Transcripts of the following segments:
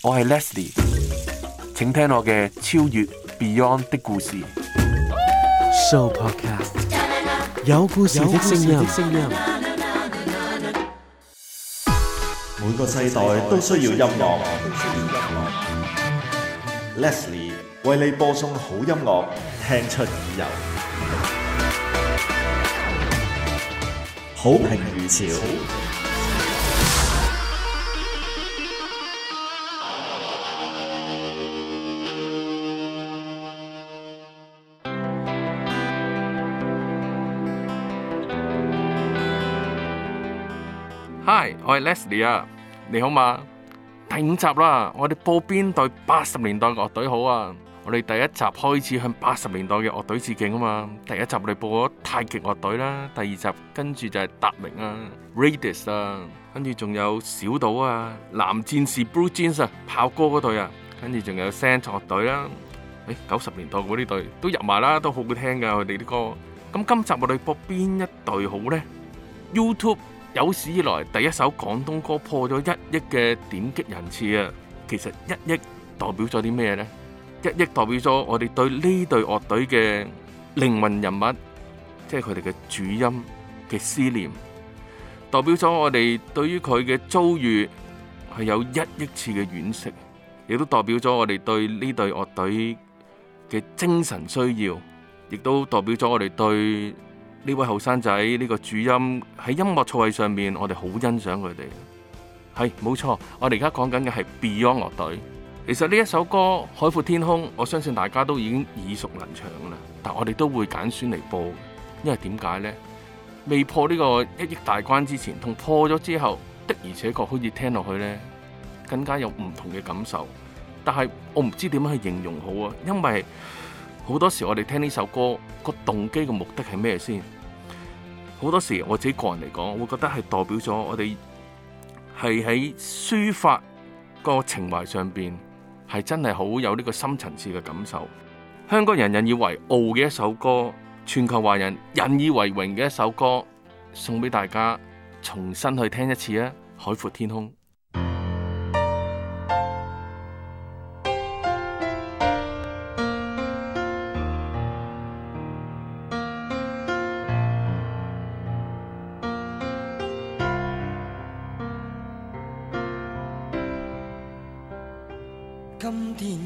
我係 Leslie，請聽我嘅超越 Beyond 的故事。Show Podcast，有故事的聲音，每個世代都需要音樂。Leslie 為你播送好音樂，聽出耳油，好評如潮。Leslie 啊，你好嘛？第五集啦，我哋播邊隊八十年代嘅樂隊好啊？我哋第一集開始向八十年代嘅樂隊致敬啊嘛。第一集我哋播咗太極樂隊啦，第二集跟住就係達明啦、Raidas 啦，跟住仲有小島啊、藍戰士 Blue Jeans 啊、炮哥嗰隊啊，跟住仲有 Saint 樂隊啦。誒，九十年代嗰啲隊都入埋啦，都好好聽噶佢哋啲歌。咁今集我哋播邊一隊好呢？YouTube。有史以來第一首廣東歌破咗一億嘅點擊人次啊！其實一億代表咗啲咩呢？一億代表咗我哋對呢隊樂隊嘅靈魂人物，即係佢哋嘅主音嘅思念，代表咗我哋對於佢嘅遭遇係有一億次嘅惋惜，亦都代表咗我哋對呢隊樂隊嘅精神需要，亦都代表咗我哋對。呢位後生仔呢個主音喺音樂造詣上面，我哋好欣賞佢哋。係冇錯，我哋而家講緊嘅係 Beyond 樂隊。其實呢一首歌《海闊天空》，我相信大家都已經耳熟能詳啦。但我哋都會揀選嚟播。因為點解呢？未破呢個一億大關之前，同破咗之後的，而且確可以聽落去呢，更加有唔同嘅感受。但係我唔知點樣去形容好啊，因為。好多，多時，我哋聽呢首歌個動機嘅目的係咩先？好多時我自己個人嚟講，我會覺得係代表咗我哋係喺抒發個情懷上面，係真係好有呢個深層次嘅感受。香港人引以為傲嘅一首歌，全球華人引以為榮嘅一首歌，送畀大家重新去聽一次啊！海闊天空。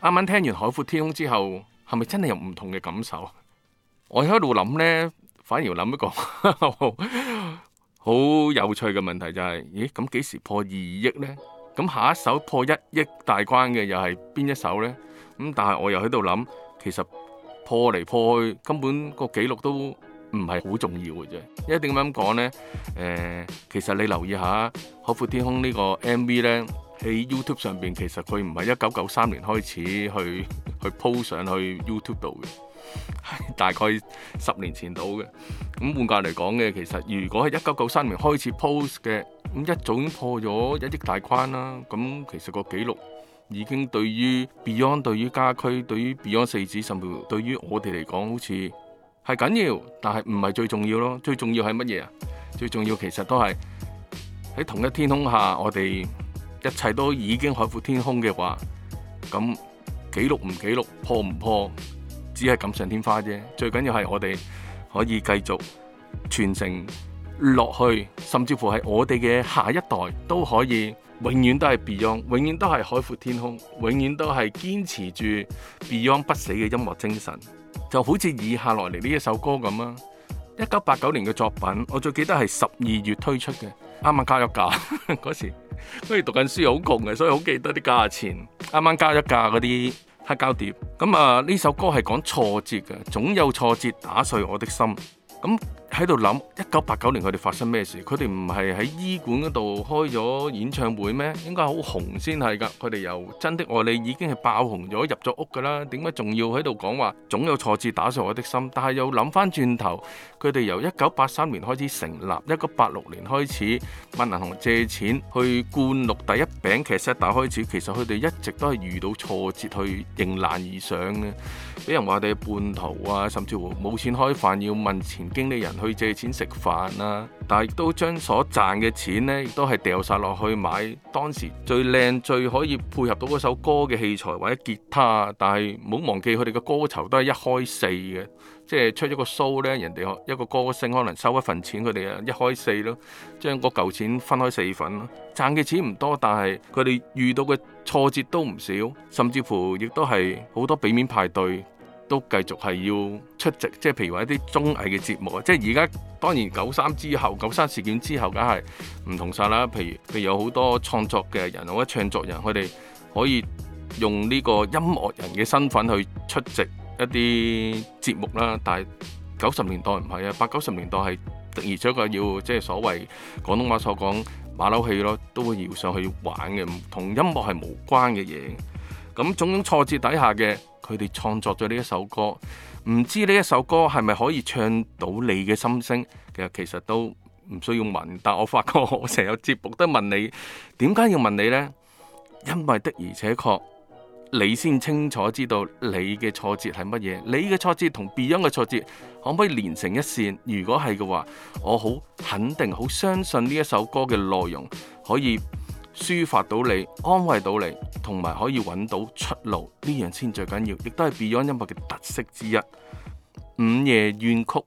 啱啱聽完《海闊天空》之後，係咪真係有唔同嘅感受？我喺度諗呢，反而諗一個好有趣嘅問題，就係：咦，咁幾時破二億呢？咁下一首破一億大關嘅又係邊一首呢？咁但係我又喺度諗，其實破嚟破去，根本個紀錄都唔係好重要嘅啫。一點咁樣講呢，誒，其實你留意下《海闊天空》呢個 MV 呢。喺 YouTube 上邊，其實佢唔係一九九三年開始去去 po 上去 YouTube 度嘅，大概十年前到嘅。咁換句嚟講嘅，其實如果係一九九三年開始 post 嘅，咁一早已經破咗一億大關啦。咁其實個記錄已經對於 Beyond、對於家駒、對於 Beyond 四子，甚至乎對於我哋嚟講，好似係緊要，但係唔係最重要咯。最重要係乜嘢啊？最重要其實都係喺同一天空下，我哋。一切都已經海闊天空嘅話，咁記錄唔記錄破唔破，只係錦上添花啫。最緊要係我哋可以繼續傳承落去，甚至乎係我哋嘅下一代都可以，永遠都係 Beyond，永遠都係海闊天空，永遠都係堅持住 Beyond 不死嘅音樂精神。就好似以下落嚟呢一首歌咁啦，一九八九年嘅作品，我最記得係十二月推出嘅。啱啱加一價嗰時，剛剛讀書很，所以讀緊書好窮嘅，所以好記得啲價錢。啱啱加一價嗰啲黑膠碟。咁啊呢首歌係講挫折嘅，總有挫折打碎我的心。喺度諗一九八九年佢哋發生咩事？佢哋唔係喺醫館嗰度開咗演唱會咩？應該好紅先係㗎。佢哋由《真的愛你》已經係爆紅咗入咗屋㗎啦。點解仲要喺度講話總有挫折打碎我的心？但係又諗翻轉頭，佢哋由一九八三年開始成立，一九八六年開始問銀行借錢去灌錄第一餅 cake set，但係開始其實佢哋一直都係遇到挫折去迎難而上嘅。俾人話佢哋半途啊，甚至乎冇錢開飯要問前經理人。去借錢食飯啦，但係都將所賺嘅錢呢，亦都係掉晒落去買當時最靚、最可以配合到嗰首歌嘅器材或者吉他。但係冇忘記佢哋嘅歌酬都係一開四嘅，即係出咗個 show 呢，人哋一個歌星可能收一份錢，佢哋啊一開四咯，將嗰嚿錢分開四份咯。賺嘅錢唔多，但係佢哋遇到嘅挫折都唔少，甚至乎亦都係好多俾面派對。都繼續係要出席，即係譬如話一啲綜藝嘅節目啊。即係而家當然九三之後，九三事件之後，梗係唔同晒啦。譬如，譬如有好多創作嘅人或者唱作人，佢哋可以用呢個音樂人嘅身份去出席一啲節目啦。但係九十年代唔係啊，八九十年代係的而且確要即係所謂廣東話所講馬騮戲咯，都會搖上去玩嘅，同音樂係無關嘅嘢。咁種種挫折底下嘅。佢哋創作咗呢一首歌，唔知呢一首歌係咪可以唱到你嘅心聲？其實都唔需要問。但我發覺我成日有節目都問你，點解要問你呢？因為的而且確，你先清楚知道你嘅挫折係乜嘢。你嘅挫折同 Beyond 嘅挫折可唔可以連成一線？如果係嘅話，我好肯定、好相信呢一首歌嘅內容可以。抒發到你，安慰到你，同埋可以揾到出路，呢樣先最緊要，亦都係 Beyond 音樂嘅特色之一。午夜怨曲。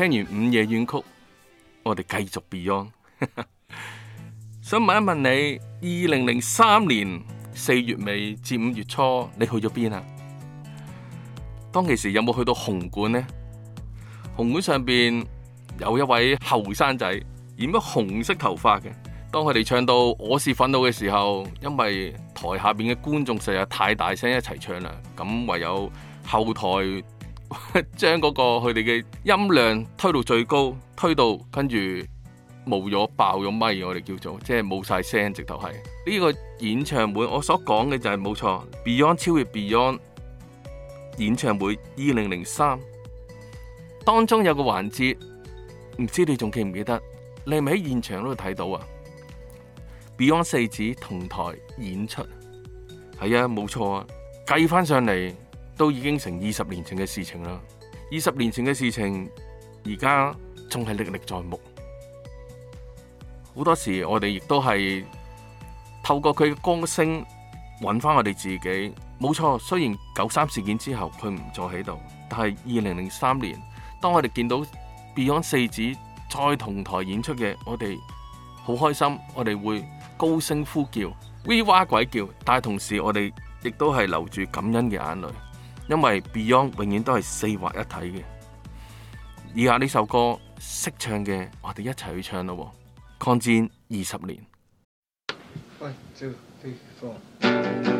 聽完午夜怨曲，我哋繼續 Beyond。 想問一問你，二零零三年四月尾至五月初，你去咗邊啊？當其時有冇去到紅館呢？紅館上邊有一位後生仔染咗紅色頭髮嘅。當佢哋唱到我是憤怒嘅時候，因為台下邊嘅觀眾實在太大聲一齊唱啦，咁唯有後台。將 嗰個佢哋嘅音量推到最高，推到跟住冇咗爆咗咪，我哋叫做即係冇晒聲，直頭係呢個演唱會。我所講嘅就係冇錯，Beyond 超越 Beyond 演唱會二零零三當中有個環節，唔知你仲記唔記得？你係咪喺現場嗰度睇到啊？Beyond 四子同台演出，係啊，冇錯啊，計翻上嚟。都已經成二十年前嘅事情啦。二十年前嘅事情，而家仲係歷歷在目。好多時，我哋亦都係透過佢嘅歌聲揾翻我哋自己。冇錯，雖然九三事件之後佢唔再喺度，但係二零零三年當我哋見到 Beyond 四子再同台演出嘅，我哋好開心，我哋會高聲呼叫威哇鬼叫，但係同時我哋亦都係流住感恩嘅眼淚。因為 Beyond 永遠都係四畫一體嘅，以下呢首歌識唱嘅，我哋一齊去唱咯喎！抗戰二十年。One, two, three,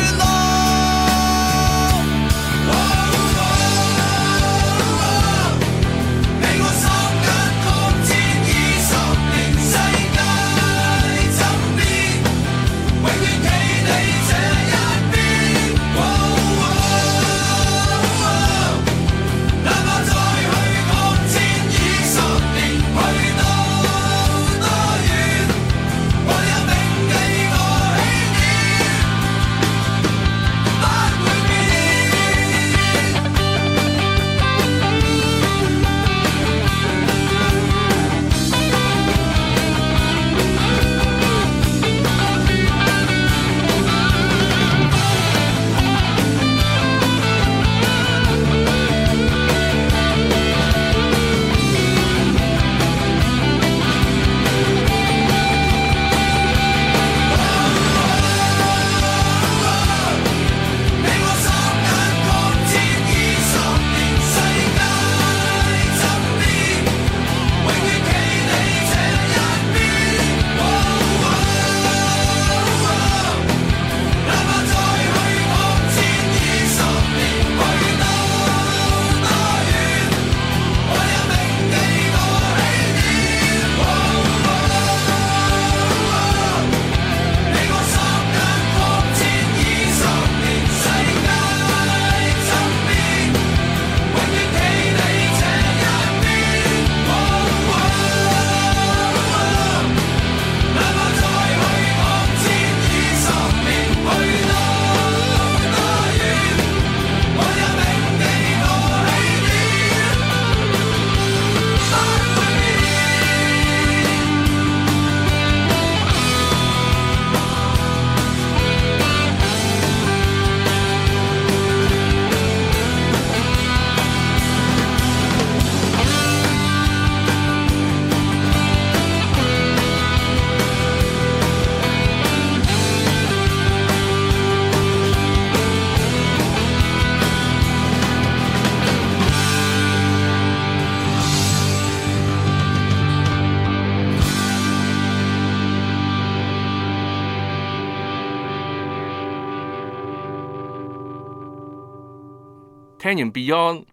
聽完 Beyond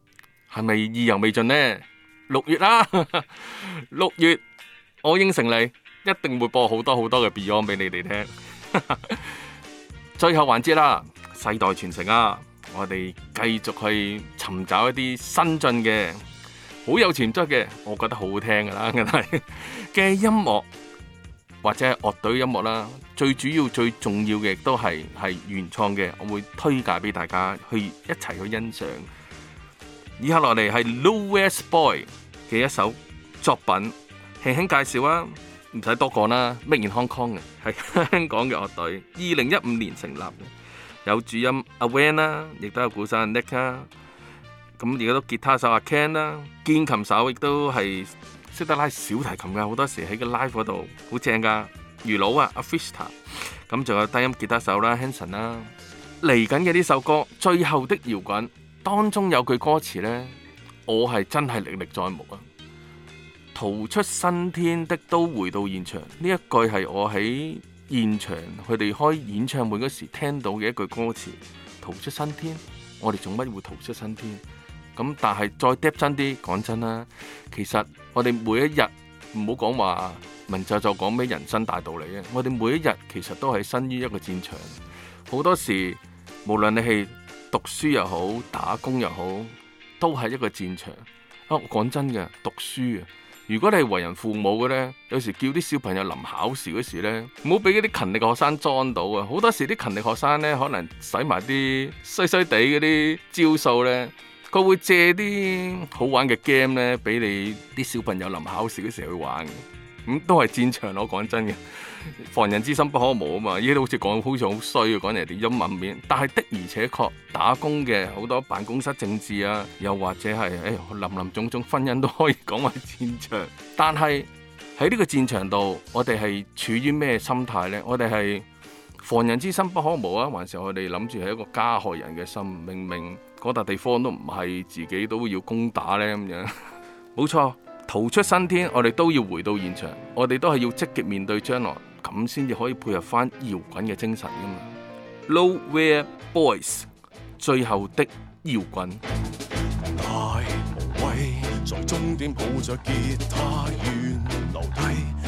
係咪意猶未盡呢？六月啦，哈哈六月我應承你，一定會播好多好多嘅 Beyond 俾你哋聽哈哈。最後環節啦，世代傳承啊！我哋繼續去尋找一啲新進嘅好有潛質嘅，我覺得好好聽噶啦，嘅音樂。或者係樂隊音樂啦，最主要最重要嘅都係係原創嘅，我會推介俾大家去一齊去欣賞。以下落嚟係 Louis Boy 嘅一首作品，輕輕介紹啊，唔使多講啦。Made in Hong Kong 嘅，係香港嘅樂隊，二零一五年成立嘅，有主音 Awen 啦，亦都有鼓手 Nick 啊，咁而家都吉他手阿 Ken 啦，鍵琴手亦都係。識得拉小提琴嘅好多時喺個 live 嗰度好正噶，魚佬啊，阿 Fista 咁，仲有低音吉他手啦、啊，Hanson 啦、啊。嚟緊嘅呢首歌《最後的搖滾》當中有句歌詞呢，我係真係歷歷在目啊！逃出生天的都回到現場，呢一句係我喺現場佢哋開演唱會嗰時聽到嘅一句歌詞。逃出生天，我哋做乜會逃出生天？咁，但係再 deep 真啲，講真啦，其實我哋每一日唔好講話文教就講咩人生大道理啊。我哋每一日其實都係身於一個戰場，好多時無論你係讀書又好，打工又好，都係一個戰場啊。講真嘅，讀書啊，如果你係為人父母嘅呢，有時叫啲小朋友臨考試嗰時咧，唔好俾嗰啲勤力學生裝到啊。好多時啲勤力學生呢，可能使埋啲衰衰哋嗰啲招數呢。佢會借啲好玩嘅 game 咧，俾你啲小朋友臨考試嘅時候去玩咁、嗯、都係戰場咯。講真嘅，防人之心不可無啊嘛。依都好似講，好似好衰嘅，講嚟啲陰暗面。但係的而且確，打工嘅好多辦公室政治啊，又或者係誒林林總總，婚姻都可以講為戰場。但係喺呢個戰場度，我哋係處於咩心態咧？我哋係防人之心不可無啊，還是我哋諗住係一個加害人嘅心？明明。嗰笪地方都唔係自己都要攻打呢。咁 樣，冇錯逃出生天，我哋都要回到現場，我哋都係要積極面對將來，咁先至可以配合翻搖滾嘅精神噶嘛。Low Wear Boys，最後的搖滾。